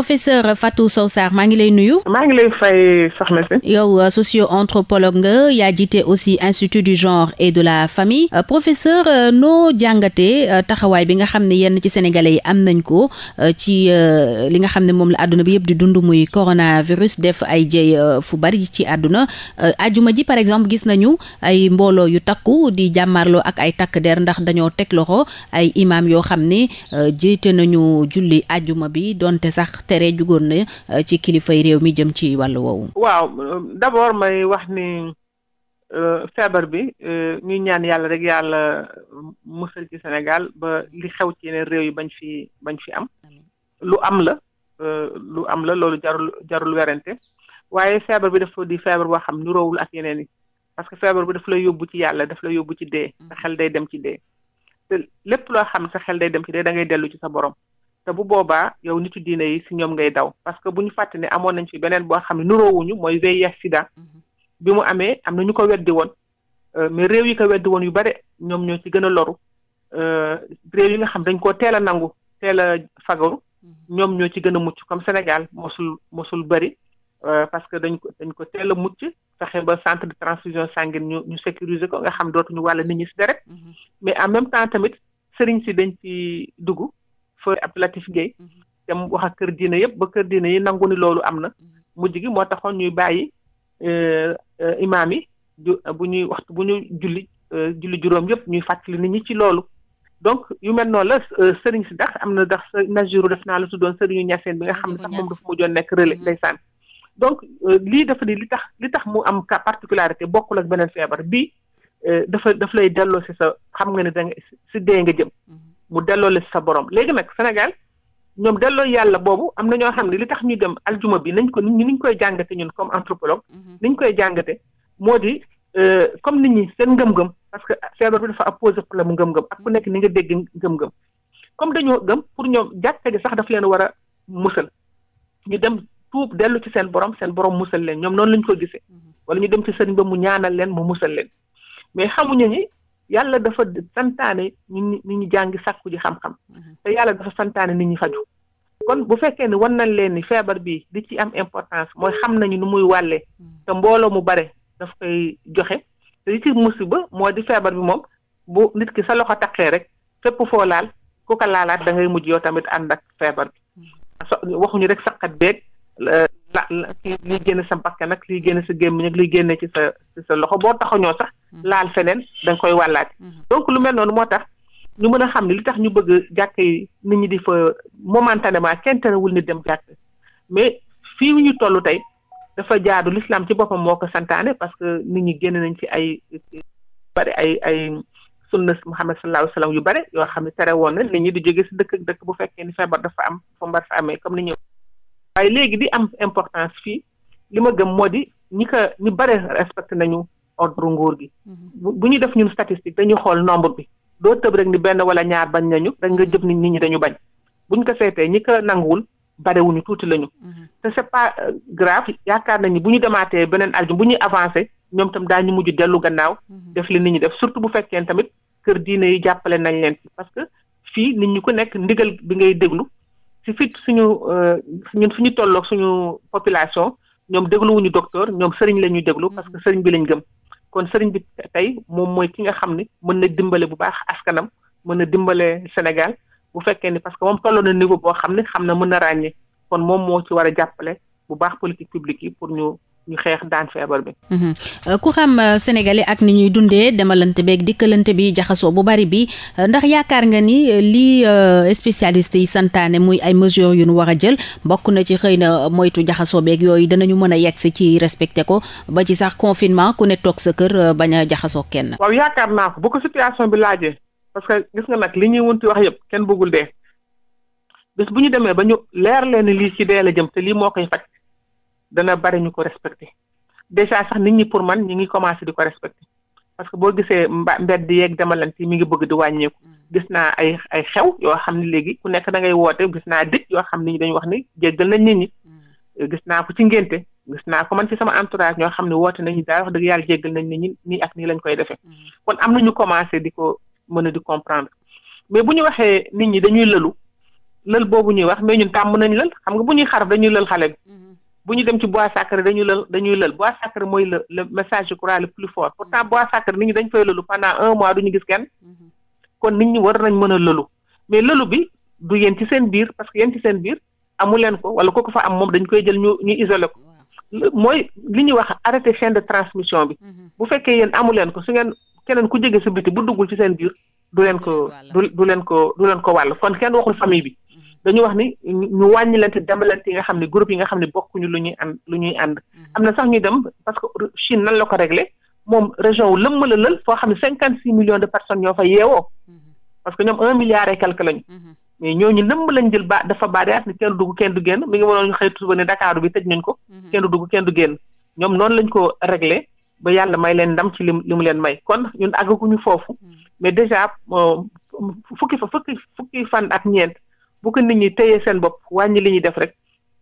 professeur Fatou Sow Sarr maa ngi lay nuyu. maa ngi lay fay soxna si. yow euh, socio-anthropologue nga yaa jiite aussi institut du genre et de la famille euh, professeur euh, noo jàngatee taxawaay bi nga xam ne yenn ci sénégalais yi am nañ ko ci li nga xam ne moom la àdduna bi yëpp di dund muy coronavirus def ay jëy fu bari ci àdduna ajuma ji par exemple gis nañu ay mbooloo yu takku di jàmmarloo ak ay takk der ndax dañoo teg loxo ay imaam yoo xam ne jiite nañu julli ajuma bi donte sax. tere jugoon na eh, ci kilifay réew mi jëm ci wàllu woowu. waaw d'abord may wax ni eh, feebar bi eh, ñuy ñaan yàlla rek yàlla musal ci senegal ba li xew ci yeneen réew yi bañ fi bañ fi am. lu am la lu am la loolu jarul jarul werante waaye feebar bi foo di feebar boo xam niroowul ak yeneen yi parce que feebar bi daf la yóbbu ci yàlla dafa la yóbbu ci dee. Mm. sa xel day dem ci dee. te lépp loo xam sa xel day dem ci dee da ngay dellu ci sa borom. te bu boobaa yow nitu diine yi si ñoom ngay daw parce que bu ñu fàtte ne amoon nañ fi beneen boo xam ne nuroowuñu mooy VIH sida mhm. bi mu amee am na ñu ko weddi woon euh, mais réew yi ko weddi woon yu bare ñoom ñoo ci gën a loru euh, réew yi nga xam dañ koo teel a nangu teel a fagaru mhm. ñoom ñoo ci gën a mucc comme Sénégal mosul mosul bëri euh, parce que dañ ko dañ ko teel a mucc fexe ba centre de transfusion sanguine ñu ñu sécuriser ko nga xam dootuñu wàll nit ñi si deret mhm. mais en même temps tamit sëriñ si dañ ci dugg feu Abdoulatif Gueye dem wax ak kër diine yëpp ba kër diine yi nangu ni loolu am na mujj gi moo taxoon ñuy bàyyi euh, euh, imaam yi bu ñuy waxtu bu ñu julli euh, julli juróom yëpp ñuy fàttali nit ñi ci loolu donc yu mel noonu la sëriñ si dax am na dax Najuru def naa la tuddoon sëriñu ñaseen bi nga xam ne sax moom dafa mujjoon nekk relais mm-hmm. ndeysaan donc lii dafa di li tax li tax mu am particularité bokkul ak beneen feebar bi dafa daf lay delloo si sa xam nga ne da nga si dee nga jëm mm-hmm. mu delloo la sa borom léegi nag Sénégal ñoom delloo yàlla boobu am na ñoo xam ne li tax ñu dem aljuma bi nañ ko ni ñu koy jàngate ñun comme anthropologue. Mhm. ni ñu koy jàngate moo di euh, comme ni ñi seen ngëm-ngëm parce que feebar bi dafa apposé mu ngëm-ngëm ak ku nekk ni nga dégg ngëm-ngëm comme dañoo gëm pour ñoom jàkka ji sax daf leen war a musal ñu dem tuub dellu ci seen borom seen borom musal leen ñoom noonu lañ koy gisee mhm. wala ñu dem ci sëriñ ba mu leen mu musal leen yàlla dafa santaane nit ñi jàngi sàkku ji xam-xam mhm. te yàlla dafa santaane nit ñi faju kon bu fekkee ne wan nañ leen ni feebar bi di ci am importance mooy xam nañu nu muy wàllee mhm. te mbooloo mu bare dafa koy joxe te li ci musiba moo di feebar bi moom bu nit ki sa loxo taqee rek fépp foo laal ku ko laalaat da mujj yow tamit ànd ak feebar bi mhm. waxuñu rek saqat beeg la liy génn sa bakkan nag liy génn sa gémmiñ ak liy génne ci sa ci sa loxo boo taxañoo sax Mmh. laal feneen da nga koy wàllaate mmh. donc lu mel noonu moo tax ñu mën a xam ne li tax ñu bëgg jàkk yi nit ñi di fa momentanément kenn terewul ni dem jàkk mais fii ñu toll tey dafa jaadu l'islam ci boppam moo ko santaane parce que nit ñi génn nañ ci ay bari ay ay sunna Muhammad sallallahu alayhi wa sallam yu bare yoo xam ne tere woon na ni ñi di jóge si dëkk dëkk bu fekkee ni feebar dafa am fa mbar fa amee comme ni ñëw waaye léegi di am importance fii li ma gëm moo di ñi ko ñu bare respecté nañu ordre nguur gi. Mhm. bu ñu def ñun statistique dañuy xool nombre bi doo tëb rek ni benn wala ñaar bañ nañu rek nga mhm. jëb ni nit dañu bañ buñ ko seetee ñi ko nanguwul barewuñu tuuti lañu. Mhm. te c'est pas euh, grave yaakaar nañu bu ñu demaatee beneen aljum bu ñuy avancé ñoom tam daañu mujj dellu gannaaw. def li nit ñi def surtout bu fekkee tamit kër diine yi jàppale nañ leen ci parce que fii nit ñi ku nekk ndigal bi ngay déglu si fit suñu euh, ñun suñu tolloog suñu population la ñuy déglu parce que sëriñ bi lañ kon sëriñ bi tey moom mooy ki nga xam ne mën na dimbale bu baax askanam mën na dimbale Sénégal bu fekkee ni parce que moom tolloo na niveau boo xam ne xam na mën na ràññee kon moom moo ci war a jàppale bu baax politique publique yi pour ñu ñu xeex daan feebar bi. Mhm. Euh, ku xam euh, sénégalais ak ni ñuy dundee demalante beeg dikkalante bi jaxasoo bu bari bi euh, ndax yaakaar nga ni lii spécialiste yi santaane muy ay mesures yu nu wax a jël bokk na ci xëy na moytu jaxasoo beeg yooyu danañu mën a yegg si ci respecté ko ba ci sax confinement ku ne toog sa kër bañ jaxasoo kenn. waaw yaakaar naa ko bu ko situation bi laajee parce que gis nga nag li ñuy wunti wax yëpp kenn bëggul dee bis bu ñu demee ba ñu dana bari ñu ko respecté déjà sax nit ñi pour man ñi ngi commencé di ko respecté parce que boo gisee mba mbedd yeeg demalanti mi ngi bëgg di wàññeeku. Mm. gis naa ay ay xew yoo xam ne léegi ku nekk da ngay woote gis naa dëj yoo xam ne dañu wax ni jéggal nañ nit ñi. Mm. gis naa ko ci ngénte gis naa ko man ci sama entourage ñoo xam ne woote nañu daal wax dëgg yàlla jéggal nañ nit ñi nii ak nii lañ koy defee. Mm. kon am na ñu commencé di ko mën a di comprendre mais bu ñu waxee nit ñi dañuy lëlu lël boobu ñuy wax mais tàmm nañ lël xam nga bu ñuy xaraf dañuy lël xale bi. Mm-hmm. bu ñu dem ci bois sacré dañu lël dañuy lël bois sacré mooy le le message je le plus fort pourtant bois sacré nit ñi dañ fay lëlu pendant un mois du ñu gis kenn kon nit ñi war nañ mën lëlu mais lëlu bi du yéen ci seen biir parce que yéen ci seen biir amu leen ko wala ko fa am moom dañ koy jël ñu ñu isolé ko mooy li ñuy wax arrêté chaîne de transmission bi bu fekkee yéen amu leen ko su ngeen keneen ku jege sa biti bu duggul ci seen biir du leen ko du leen ko du bi dañu wax ni ñu wàññilante demalante yi nga xam ne groupe yi nga xam ne bokkuñu lu ñuy ànd lu ñuy ànd. Mm-hmm. am na sax ñuy dem parce que Chine nan la ko réglé moom région wu lëmm la lël foo xam ne cinquante six millions de personnes ñoo fa yeewoo mm-hmm. parce que ñoom un milliard et quelque lañu. Mm-hmm. mais ñooñu lëmm lañ jël ba dafa bariwaat ni kenn du dugg kenn du génn mi ngi waroon ñu xëy tuba ne Dakar bi tëj nañ ko. kenn du dugg kenn may leen ndam ci li mu li mu leen may kon ñun àggaguñu foofu mais déjà euh, fukki fa fukki fukki fan ak ñeent bu nit ñi téyee seen bopp wàññi li ñuy def rek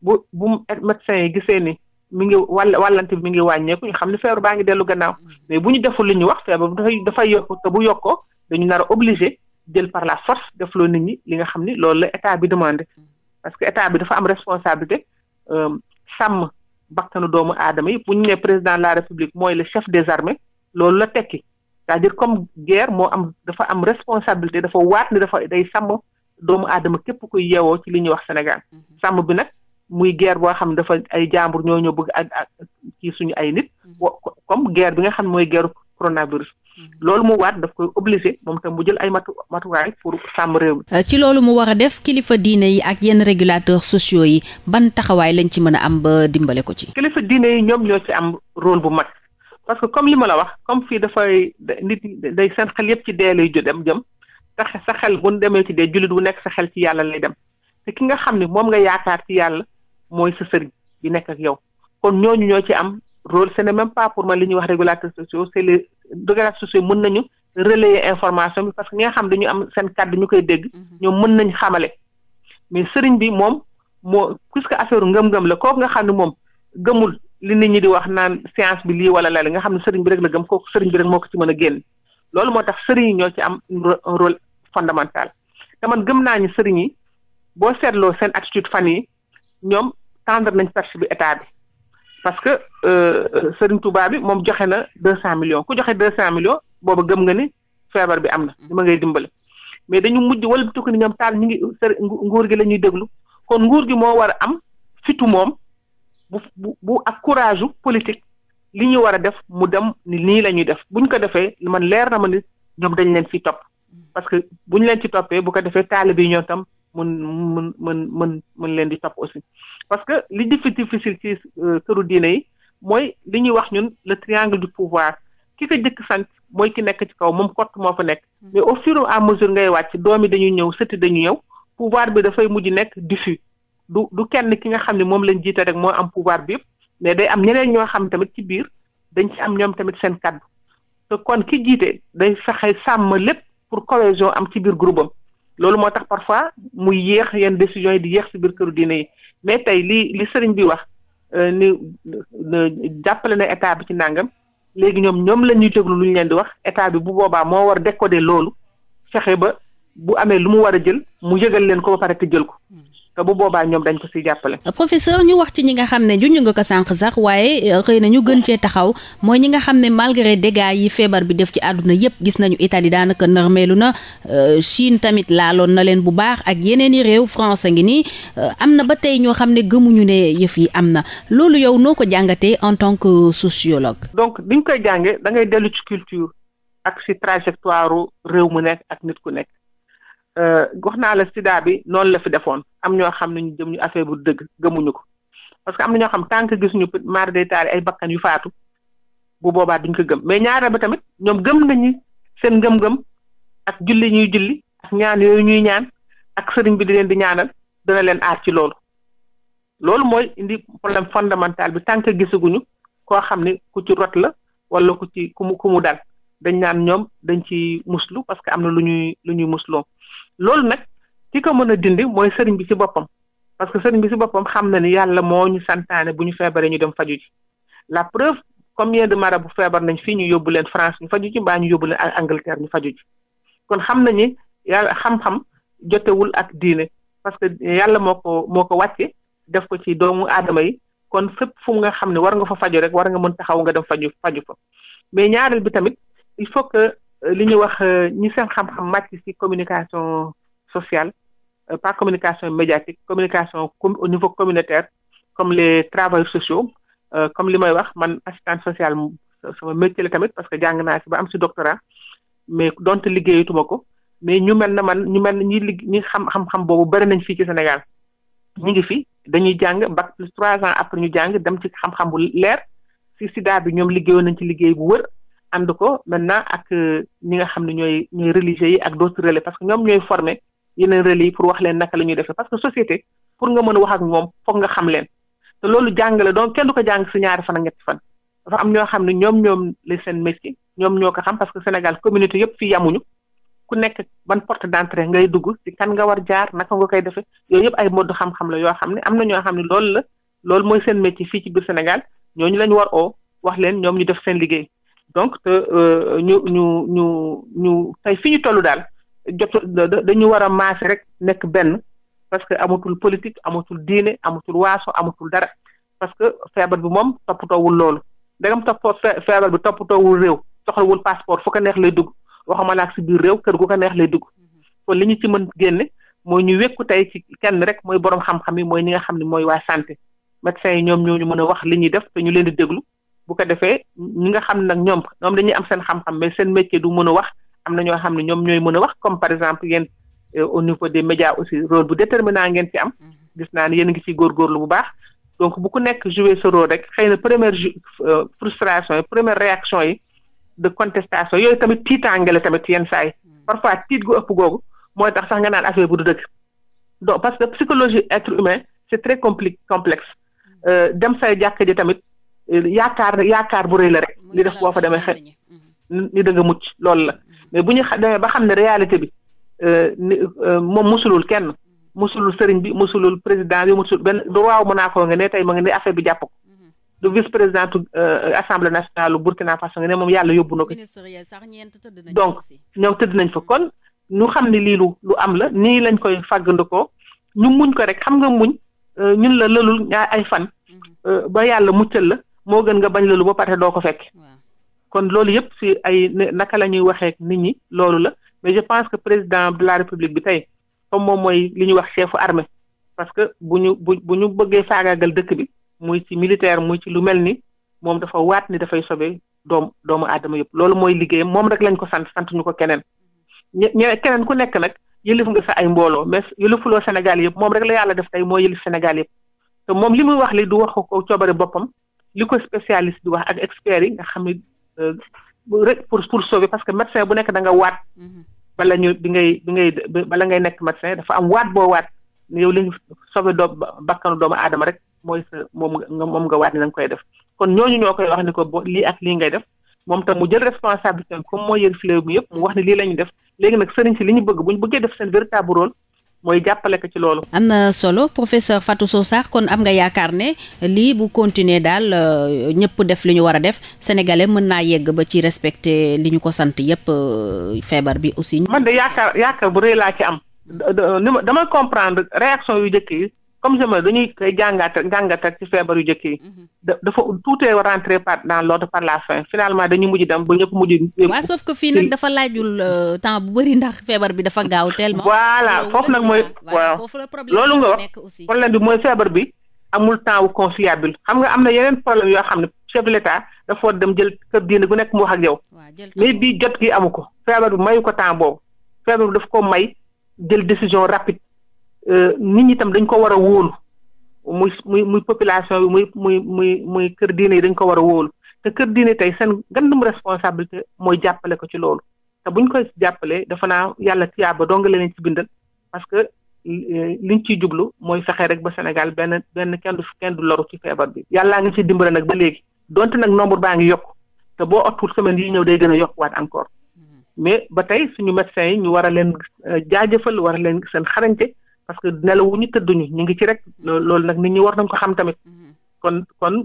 bu bu médecin yi gisee ni mi ngi wàll wàllante bi mi ngi wàññeeku ñu xam ne feebar baa ngi dellu gannaaw mais bu ñu deful li ñu wax feebar bi dafay dafay yokk bu yokkoo dañu nar a obligé jël par la force def loo nit ñi li nga xam ni loolu la état bi demandé parce que état bi dafa am responsabilité euh, sàmm bakkanu doomu aadama yi bu ñu nee président la république mooy le chef des armées loolu la tekki cest à comme guerre moo am dafa am responsabilité dafa waat ni dafa day sàmm doomu aadama képp kuy yeewoo ci li ñuy wax Sénégal mhm. sàmm bi nag muy guerre boo xam ne dafa ay jàmbur ñoo ñoo bëgg ak ci suñu ay nit mhm. comme guerre bi nga xam ne mooy guerre coronavirus mhm. loolu mu waat daf koy obligé moom tam mu jël ay matu matuwaay pour sàmm réew mi euh, ci loolu mu war a def kilifa diine yi ak yenn régulateurs sociaux yi ban taxawaay lañ ci mën a am ba dimbale ko ci kilifa diine yi ñoom ñoo ci am rôle bu mag parce que comme li ma la wax comme fii dafay nit day seen xel ci dee lay jot dem jëm te sa xel bu nu demee ci dee jullit bu nekk sa xel ci yàlla lay dem te ki nga xam ne moom nga yaakaar ci yàlla mooy sa sëriñ bi nekk ak yow kon ñooñu ñoo ci am rôle ce même pas pour man li ñuy wax régulateurs sociaux c'est les régulateurs sociaux mën nañu relayer information bi parce que nga xam dañu am seen kàddu ñu koy dégg. Mhm. ñoom mën nañ xamale mais sëriñ bi moom moo puisque affaire ngëm-ngëm la kooku nga xam ne moom gëmul li nit ñi di wax naan science bi lii wala la li xam ne sëriñ bi rek bi rek moo ko ci mën a génn moo tax sëriñ ñoo ci am fondamentale te man gëm naa ñu sëriñ yi boo seetloo seen attitude fan yi ñoom tendre nañ perche bi état bi parce que euh, sëriñ tubaab bi moom joxe na deux cent million ku joxe deux cent millions booba gëm nga ni feebar bi am na li ma ngay dimbale mais dañu mujj wala tukki ni ñoom taal ñu ngi nguur gi la ñuy déglu kon nguur gi moo war a am fitu moom bu bu ak courage politique li ñu war a def mu dem ni nii la ñuy def buñ ko defee man leer na ma ni ñoom dañ leen fi top parce que buñ leen ci toppee bu ko defee taalibe yi ñoo tam mun mun mun mun mun leen di topp aussi parce que li difficile ci euh, këru diine yi mooy li ñuy wax ñun le triangle du pouvoir ki ko jëkk sant mooy ki nekk ci kaw moom kott moo fa nekk mm. mais au fur et à mesure ngay wàcc doom yi dañuy ñëw sëti dañuy ñëw pouvoir bi dafay mujj nekk diffus du du kenn ki nga xam ne moom lañ jiite rek moo am pouvoir bi yëpp mais day am ñeneen ñoo xam tamit ci biir dañ ci am ñoom tamit seen kàddu kon ki jiite day fexe sàmm lépp pour cohésion am ci biir groupe am loolu moo tax parfois muy yéex yenn décisions yi di yéex ci biir këru diine yi mais tey li li sëriñ bi wax euh, ni jàppale na état bi ci nangam léegi ñoom ñoom la ñuy déglu lu ñu leen di wax état bi bu boobaa moo war décoder loolu fexe ba bu amee lu mu war a jël mu yëgal leen ko ba pare te jël ko te bu boobaa ñoom dañ ko siy jàppale. professeur ñu wax ci ñi nga xam ne juñu nga ko sànq sax waaye euh, xëy na ñu gën cee taxaw mooy ñi nga xam ne malgré dégâts yi feebar bi def ci àdduna yépp gis nañu yi daanaka nërmeelu na euh, Chine tamit laaloon na leen bu baax ak yeneen i réew France ngi nii euh, am na ba tey ñoo xam ne gëmuñu ne yëf yi am na loolu yow noo ko jàngatee en tant que sociologue. donc biñ koy jàngee da ngay dellu ci culture ak si trajectoire réew mu nekk ak nit ku nekk. Euh, wax naa la sida bi noonu la fi defoon am ñoo xam ne ñu gëm ñu affaire bu dëgg gëmuñu ko parce que am na ñoo xam tànk que gisuñu maar day taari ay bakkan yu faatu bu boobaa duñ ko gëm mais ñaareel bi tamit ñoom gëm nañu seen ngëm-ngëm ak julli ñuy julli ak ñaan yooyu ñuy ñaan ak sëriñ bi di leen di ñaanal dana leen aar ci loolu loolu mooy indi problème fondamental bi tànk que gisaguñu koo xam ne ku ci rot la wala ku ci ku mu ku mu dal dañ naan ñoom dañ ci muslu parce que am na lu ñuy lu ñuy musloo lool nag ki ko mën a dindi mooy sëriñ bi ci boppam parce que sëriñ bi ci boppam xam na ni yàlla moo ñu santaane bu ñu feebaree ñu dem faju ci la preuve combien de marabout bu feebar nañ fii ñu yóbbu leen France ñu faju ci mbaa ñu yóbbu leen Angleterre ñu faju ci kon xam nañu yàlla xam-xam jotewul ak diine parce que yàlla moo ko moo ko wàcce def ko ci doomu aadama yi kon fépp fu nga xam ne war nga fa faju rek war nga mën taxaw nga dem faju faju fa mais li ñuy wax euh, ñi seen xam-xam màcc ci communication sociale euh, pas communication médiatique communication au niveau communautaire comme les travailleurs sociaux euh, comme li may wax man assistante sociale sama métier la tamit parce que jàng naa ci ba am ci doctorat mais donte liggéeyatuma ko mais ñu mel na man ñu mel na ñi lig ñi xam xam-xam boobu bari nañ fii ci Sénégal ñu ngi fi dañuy jàng bac plus trois ans après ñu jàng dem ci xam-xam bu leer ci sida bi ñoom liggéeyoon nañ ci liggéey bu wër ànd ko maintenant ak euh, ñi nga xam ne ñooy ñooy religieux yi ak d'autres relais parce que ñoom ñooy former yeneen relais yi pour wax leen naka la ñuy parce que société pour nga mën a wax ak nga xam leen te loolu jàng la donc kenn du ko jàng si ñaari fan ak ñetti fan dafa am ñoo xam ne ñoom ñoom la seen métier ñoom ñoo ko xam parce que Sénégal communauté yëpp fii yamuñu ku nekk ban porte d'entrée ngay dugg ci kan nga war jaar naka nga koy defee yooyu yëpp ay modd seen métier fii donc te euh, ñu ñu ñu ñu tey fi ñu toll daal jot dañu war a maase rek nekk benn parce que amatul politique amatul diine amatul waaso amatul dara parce que feebar bi moom toppatoowul loolu ndegam toppoo feebar bi toppatoowul réew soxlawul passeport fu ko neex lay dugg waxuma laa si biir réew kër gu ko neex lay dugg mm-hmm. kon li ñu ci mën génne mooy ñu wekku tey ci kenn rek mooy borom xam-xam yi mooy ñi nga xam ne mooy waa santé médecins yi ñoom ñoo ñu mën a wax li ñuy def te leen di déglu bu ko defee ñi nga xam nag ñoom ñoom dañuy am seen xam-xam mais seen métier du mën a wax am na ñoo xam ne ñoom ñooy mën a wax comme par exemple yen euh, au niveau des médias aussi rôle bu déterminant ngeen ci am mm-hmm. gis naa ne yéen a ngi ciy góorgóorlu bu baax donc bu ku nekk jouer so rôle rek xëy na première euh, frustration yi première réaction yi de contestation yooyu tamit tiitaange la tamit yen saa yi mm-hmm. parfois tiit gu ëpp googu mooy tax sax nga naan affaire bu du dëgg donc parce que psychologie être humain c'est très compli complexe mm-hmm. euh, dem say jàkk ji tamit Eh, yaakaar yaakaar bu rëy la rek li def boo fa demee xet ni dëgg mucc loolu la mm-hmm. mais bu ñu demee ba xam ne réalité bi eh, eh, moom musulul kenn mm-hmm. musulul sëriñ bi musulul président bi musul benn du waaw mën naa ko nga ne tey ma nga ne affaire bi jàpp ko mm-hmm. du vice présidentu assemblée nationale Burkina Faso nga ne moom yàlla yóbbu na ko donc ñoom tëdd nañ fa kon ñu xam ni lii lu am la ni lañ koy fàggandikoo ñu muñ ko rek xam nga muñ ñun la lëlul ñaar ay fan ba yàlla muccal la moo gën nga bañ loolu ba pare doo ko fekk kon loolu yëpp si ay naka la ñuy waxee nit ñi loolu la mais je pense que président de la république bi tey comme moom mooy li ñu wax chefu armée parce que bu ñu bu bu ñu bëggee faagaagal dëkk bi muy ci militaire muy ci lu mel ni moom dafa waat ni dafay sobe doom doomu adama yëpp loolu mooy liggéeyam moom rek lañ ko sant sant ñu ko keneen ñe keneen ku nekk nag yëlif nga sax ay mbooloo mais yëlifuloo Sénégal yëpp moom rek la yàlla def tey moo Sénégal yëpp moom li muy wax li du wax ko coobare boppam li ko spécialiste di wax ak expert yi nga xam ne euh, rek pour pour sauver parce que médecin bu nekk da nga waat. Mm-hmm. bala ñu bi ngay bi ngay bala ngay nekk médecin dafa am waat boo waat yow li nga sauver doo bakkanu doom aadama rek mooy sa moom nga moom nga waat ni da koy def kon ñooñu ñoo koy wax ni ko lii ak lii ngay def. moom tam mu jël responsabilité comme moo yëg filew bi yëpp mu wax ne lii la ñu def léegi nag sëriñ si li ñu bëgg bu ñu bëggee def seen véritable rôle mooy jàppale ko ci loolu. am na solo professeur Fatou Sow Sarr kon am nga yaakaar ne lii bu continuer daal euh, ñëpp def li ñu war a def sénégalais mën naa yegg ba ci respecter li ñu ko sant yépp euh, feebar bi aussi. man de yaakaar yaakaar bu rëy laa ci am dama comprendre réaction yu njëkk yi. comme je me dañuy jàngat jàngat ak ci feebar yu njëkk yi. Mhm. dafa tout est rentré par dans l'ordre par la fin finalement dañu mujj dem ba ñëpp mujj. waaw sauf que fii nag dafa laajul euh, temps bu bëri ndax feebar bi dafa gaaw tellement. voilà nag mooy. waaw loolu nga wax problème bi mooy feebar bi amul temps wu xam nga am na yeneen problème yoo xam ne chef de l'État dafa dem jël kër diine gu nekk mu wax ak yow. mais bii jot gi amu ko. feebar bi mayu ko temps feebar ko may jël décision rapide. Euh, nit ñi tam dañ ko war a wóolu muy muy muy population bi muy muy muy muy kër diine yi dañ ko war a wóolu te kër diine tey seen gandum responsabilité mooy jàppale ko ci loolu te buñ koy jàppalee dafa naa yàlla tiyaaba ba la leen ci bindal parce que liñ ciy jublu mooy fexe rek ba Sénégal benn benn kenn du du loru ci feebar bi yàllaa ngi ci dimbale nag ba léegi donte nag nombre baa ngi yokk te boo ottul semaine yi ñëw day gën a yokkuwaat encore mm-hmm. mais ba tey suñu médecins ñu war a leen euh, jaajëfal war leen seen xarañte parce que nelawuñu tëdduñu ñu ngi ci rek loolu nag nit ñi war nañ ko xam tamit mm-hmm. kon kon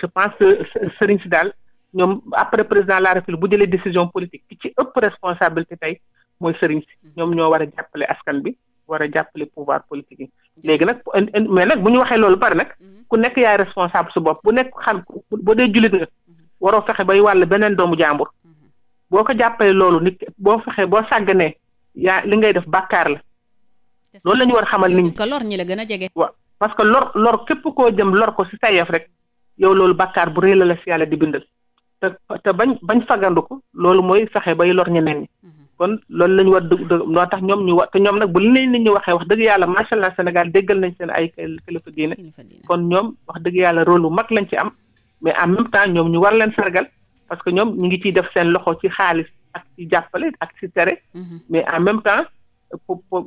je pense que sëriñ si daal ñoom après président la république bu jëlee décision politique ki ci ëpp responsabilité tey mooy sëriñ si mm-hmm. ñoom ñoo war a jàppale askan bi war a jàppale pouvoir politique yi léegi nag mais nag bu ñu waxee loolu pare nag mm-hmm. ku nekk yaay responsable su bopp bu nekk xam boo dee jullit nga waroo fexe bay wàll beneen doomu jàmbur boo ko jàppale loolu nit boo fexe boo sàgganee yaa li ngay def bàkkaar la loolu la ñu war xamal nit ñi ko lor ñi la gën a jege. waaw parce que lor lor képp koo jëm lor ko si sayef rek yow loolu bàkkaar bu rëy la la si yàlla di bindal te te bañ bañ fagandu loolu mooy fexe bay lor ñeneen ñi. Mm-hmm. kon loolu la ñu war dëgg dëgg noo tax ñoom ñu wax te ñoom nag bu leen nit ñi waxee wax dëgg yàlla macha allah Sénégal déggal nañ seen kon ñoom wax dëgg yàlla rôle bu mag lañ ci am mais en même temps ñoom ñu war leen sargal parce que ñoom ñu ngi ciy def seen loxo ci xaalis ak ci jàppale ak ci tere mm-hmm. mais en même temps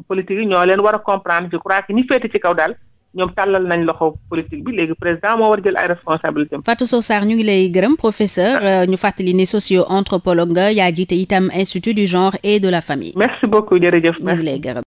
politique yi ñoo leen war a comprendre je crois que ñi féete ci kaw daal ñoom tàllal nañ loxo politique bi léegi président moo war jël ay responsabilités am. Fatou Sow ñu ngi lay gërëm professeur ah. euh, ñu fàttali ni socio anthropologue nga yaa jiite itam institut du genre et de la famille. merci beaucoup jërëjëf. ñu ngi lay gërëm.